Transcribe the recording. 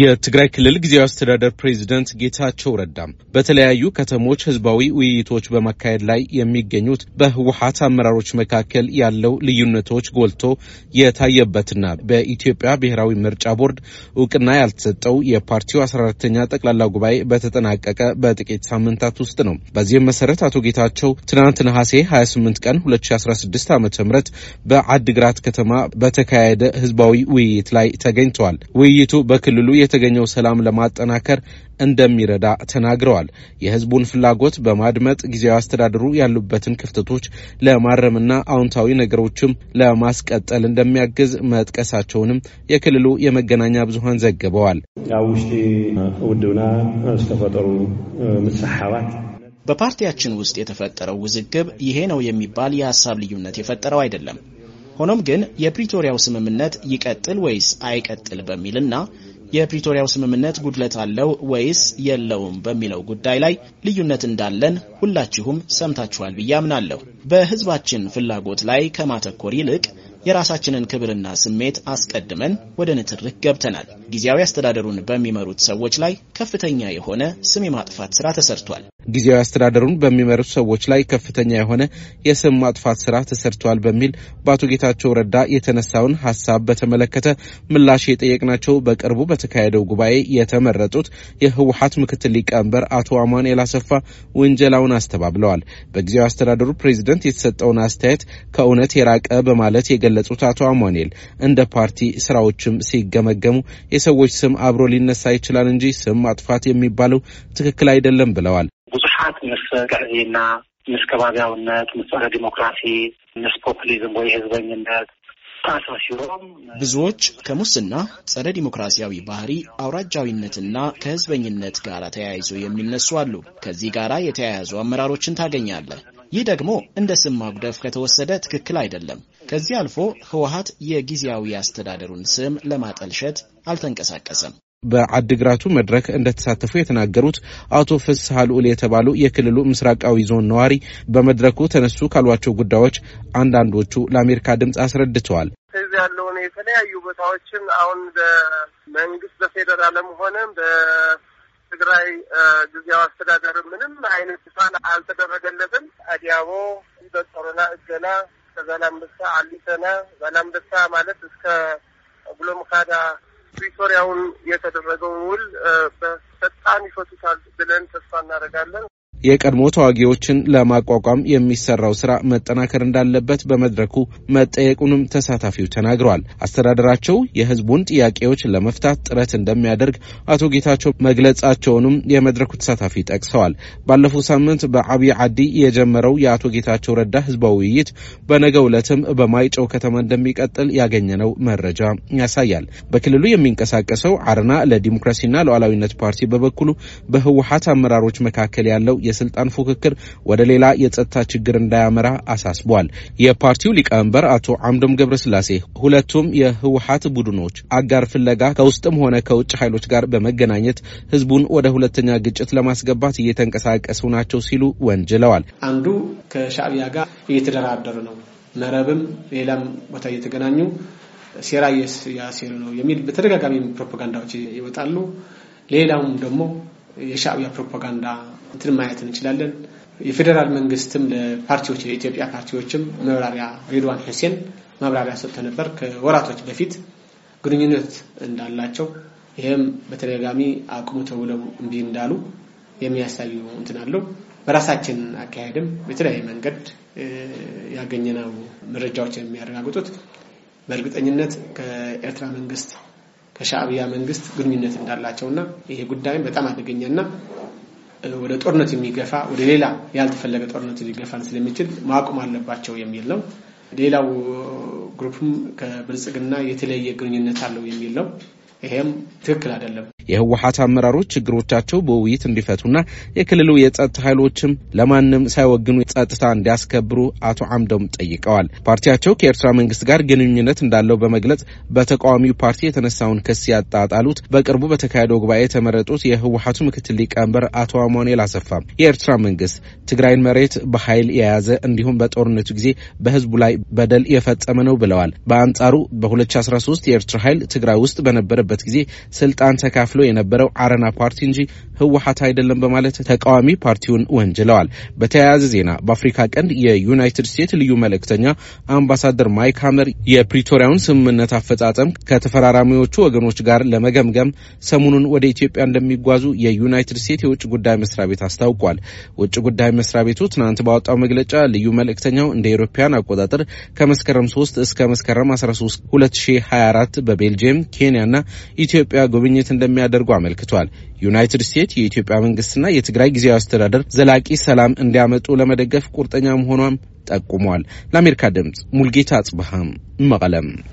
የትግራይ ክልል ጊዜያዊ አስተዳደር ፕሬዚደንት ጌታቸው ረዳም በተለያዩ ከተሞች ህዝባዊ ውይይቶች በማካሄድ ላይ የሚገኙት በህወሀት አመራሮች መካከል ያለው ልዩነቶች ጎልቶ የታየበትና በኢትዮጵያ ብሔራዊ ምርጫ ቦርድ እውቅና ያልተሰጠው የፓርቲው 14ተኛ ጠቅላላ ጉባኤ በተጠናቀቀ በጥቂት ሳምንታት ውስጥ ነው። በዚህም መሰረት አቶ ጌታቸው ትናንት ነሐሴ 28 ቀን 2016 ዓ ም በአድግራት ከተማ በተካሄደ ህዝባዊ ውይይት ላይ ተገኝተዋል። ውይይቱ በክልሉ የተገኘው ሰላም ለማጠናከር እንደሚረዳ ተናግረዋል። የህዝቡን ፍላጎት በማድመጥ ጊዜያዊ አስተዳደሩ ያሉበትን ክፍተቶች ለማረምና አዎንታዊ ነገሮችም ለማስቀጠል እንደሚያግዝ መጥቀሳቸውንም የክልሉ የመገናኛ ብዙሀን ዘግበዋል። ውሽጢ ውድብና ዝተፈጠሩ ምጽሓባት በፓርቲያችን ውስጥ የተፈጠረው ውዝግብ ይሄ ነው የሚባል የሀሳብ ልዩነት የፈጠረው አይደለም። ሆኖም ግን የፕሪቶሪያው ስምምነት ይቀጥል ወይስ አይቀጥል በሚልና የፕሪቶሪያው ስምምነት ጉድለት አለው ወይስ የለውም በሚለው ጉዳይ ላይ ልዩነት እንዳለን ሁላችሁም ሰምታችኋል ብዬ አምናለሁ። በህዝባችን ፍላጎት ላይ ከማተኮር ይልቅ የራሳችንን ክብርና ስሜት አስቀድመን ወደ ንትርክ ገብተናል። ጊዜያዊ አስተዳደሩን በሚመሩት ሰዎች ላይ ከፍተኛ የሆነ ስም የማጥፋት ስራ ተሰርቷል። ጊዜያዊ አስተዳደሩን በሚመሩት ሰዎች ላይ ከፍተኛ የሆነ የስም ማጥፋት ስራ ተሰርተዋል በሚል በአቶ ጌታቸው ረዳ የተነሳውን ሀሳብ በተመለከተ ምላሽ የጠየቅናቸው በቅርቡ በተካሄደው ጉባኤ የተመረጡት የህወሀት ምክትል ሊቀመንበር አቶ አማኑኤል አሰፋ ውንጀላውን አስተባብለዋል። በጊዜያዊ አስተዳደሩ ፕሬዚደንት የተሰጠውን አስተያየት ከእውነት የራቀ በማለት የገለጹት አቶ አማኑኤል እንደ ፓርቲ ስራዎችም ሲገመገሙ የሰዎች ስም አብሮ ሊነሳ ይችላል እንጂ ስም ማጥፋት የሚባለው ትክክል አይደለም ብለዋል። ብዙሓት ምስ ግዕዜና ምስ ከባቢያውነት፣ ምስ ፀረ ዲሞክራሲ፣ ምስ ፖፑሊዝም ወይ ህዝበኝነት ብዙዎች ከሙስና ጸረ ዲሞክራሲያዊ ባህሪ አውራጃዊነትና ከህዝበኝነት ጋር ተያይዞ የሚነሱ አሉ። ከዚህ ጋር የተያያዙ አመራሮችን ታገኛለህ። ይህ ደግሞ እንደ ስም ማጉደፍ ከተወሰደ ትክክል አይደለም። ከዚህ አልፎ ህወሀት የጊዜያዊ አስተዳደሩን ስም ለማጠልሸት አልተንቀሳቀሰም። በአድግራቱ መድረክ እንደተሳተፉ የተናገሩት አቶ ፍስሀ ልዑል የተባሉ የክልሉ ምስራቃዊ ዞን ነዋሪ በመድረኩ ተነሱ ካሏቸው ጉዳዮች አንዳንዶቹ ለአሜሪካ ድምፅ አስረድተዋል። ከዚህ ያለውን የተለያዩ ቦታዎችን አሁን በመንግስት በፌደራልም ሆነ በትግራይ ጊዜያዊ አስተዳደር ምንም አይነት ሽፋን አልተደረገለትም። አዲያቦ በጦሮና እገና ከዛላምበሳ አሊተና ዛላምበሳ ማለት እስከ ጉሎ ፕሪቶሪያውን የተደረገው ውል በፈጣን ይፈቱታል ብለን ተስፋ እናደርጋለን። የቀድሞ ተዋጊዎችን ለማቋቋም የሚሰራው ስራ መጠናከር እንዳለበት በመድረኩ መጠየቁንም ተሳታፊው ተናግረዋል። አስተዳደራቸው የህዝቡን ጥያቄዎች ለመፍታት ጥረት እንደሚያደርግ አቶ ጌታቸው መግለጻቸውንም የመድረኩ ተሳታፊ ጠቅሰዋል። ባለፈው ሳምንት በአብይ አዲ የጀመረው የአቶ ጌታቸው ረዳ ህዝባዊ ውይይት በነገ ዕለትም በማይጨው ከተማ እንደሚቀጥል ያገኘነው መረጃ ያሳያል። በክልሉ የሚንቀሳቀሰው አርና ለዲሞክራሲና ለሉዓላዊነት ፓርቲ በበኩሉ በህወሀት አመራሮች መካከል ያለው የ የስልጣን ፉክክር ወደ ሌላ የጸጥታ ችግር እንዳያመራ አሳስቧል። የፓርቲው ሊቀመንበር አቶ አምዶም ገብረስላሴ ሁለቱም የህወሀት ቡድኖች አጋር ፍለጋ ከውስጥም ሆነ ከውጭ ኃይሎች ጋር በመገናኘት ህዝቡን ወደ ሁለተኛ ግጭት ለማስገባት እየተንቀሳቀሱ ናቸው ሲሉ ወንጅለዋል። አንዱ ከሻዕቢያ ጋር እየተደራደሩ ነው፣ መረብም ሌላም ቦታ እየተገናኙ ሴራ እያሴሩ ነው የሚል በተደጋጋሚ ፕሮፓጋንዳዎች ይወጣሉ። ሌላውም ደግሞ የሻዕቢያ ፕሮፓጋንዳ እንትን ማየት እንችላለን። የፌዴራል መንግስትም ለፓርቲዎች ለኢትዮጵያ ፓርቲዎችም መብራሪያ ሬድዋን ሁሴን ማብራሪያ ሰጥተ ነበር ከወራቶች በፊት ግንኙነት እንዳላቸው ይህም በተደጋጋሚ አቁሙ ተብለው እምቢ እንዳሉ የሚያሳዩ እንትን አለው። በራሳችን አካሄድም በተለያየ መንገድ ያገኘነው መረጃዎች የሚያረጋግጡት በእርግጠኝነት ከኤርትራ መንግስት ከሻዕቢያ መንግስት ግንኙነት እንዳላቸውና ይሄ ጉዳይም በጣም አደገኛና ወደ ጦርነት የሚገፋ ወደ ሌላ ያልተፈለገ ጦርነት ሊገፋን ስለሚችል ማቆም አለባቸው የሚል ነው። ሌላው ግሩፕም ከብልጽግና የተለያየ ግንኙነት አለው የሚል ነው። ይሄም ትክክል አይደለም። የህወሀት አመራሮች ችግሮቻቸው በውይይት እንዲፈቱና የክልሉ የጸጥታ ኃይሎችም ለማንም ሳይወግኑ ጸጥታ እንዲያስከብሩ አቶ አምዶም ጠይቀዋል። ፓርቲያቸው ከኤርትራ መንግስት ጋር ግንኙነት እንዳለው በመግለጽ በተቃዋሚው ፓርቲ የተነሳውን ክስ ያጣጣሉት በቅርቡ በተካሄደው ጉባኤ የተመረጡት የህወሀቱ ምክትል ሊቀመንበር አቶ አማኑኤል አሰፋ የኤርትራ መንግስት ትግራይን መሬት በኃይል የያዘ እንዲሁም በጦርነቱ ጊዜ በህዝቡ ላይ በደል የፈጸመ ነው ብለዋል። በአንጻሩ በ2013 የኤርትራ ኃይል ትግራይ ውስጥ በነበረበት በነበረበት ጊዜ ስልጣን ተካፍሎ የነበረው አረና ፓርቲ እንጂ ህወሀት አይደለም በማለት ተቃዋሚ ፓርቲውን ወንጅለዋል። በተያያዘ ዜና በአፍሪካ ቀንድ የዩናይትድ ስቴትስ ልዩ መልእክተኛ አምባሳደር ማይክ ሀመር የፕሪቶሪያውን ስምምነት አፈጻጸም ከተፈራራሚዎቹ ወገኖች ጋር ለመገምገም ሰሞኑን ወደ ኢትዮጵያ እንደሚጓዙ የዩናይትድ ስቴትስ የውጭ ጉዳይ መስሪያ ቤት አስታውቋል። ውጭ ጉዳይ መስሪያ ቤቱ ትናንት ባወጣው መግለጫ ልዩ መልእክተኛው እንደ ኤሮፓያን አቆጣጠር ከመስከረም 3 እስከ መስከረም 13 2024 በቤልጅየም ኬንያና ኢትዮጵያ ጉብኝት እንደሚያደርጉ አመልክቷል። ዩናይትድ ስቴትስ የኢትዮጵያ መንግስትና የትግራይ ጊዜያዊ አስተዳደር ዘላቂ ሰላም እንዲያመጡ ለመደገፍ ቁርጠኛ መሆኗም ጠቁሟል። ለአሜሪካ ድምጽ ሙልጌታ አጽብሃም መቀለም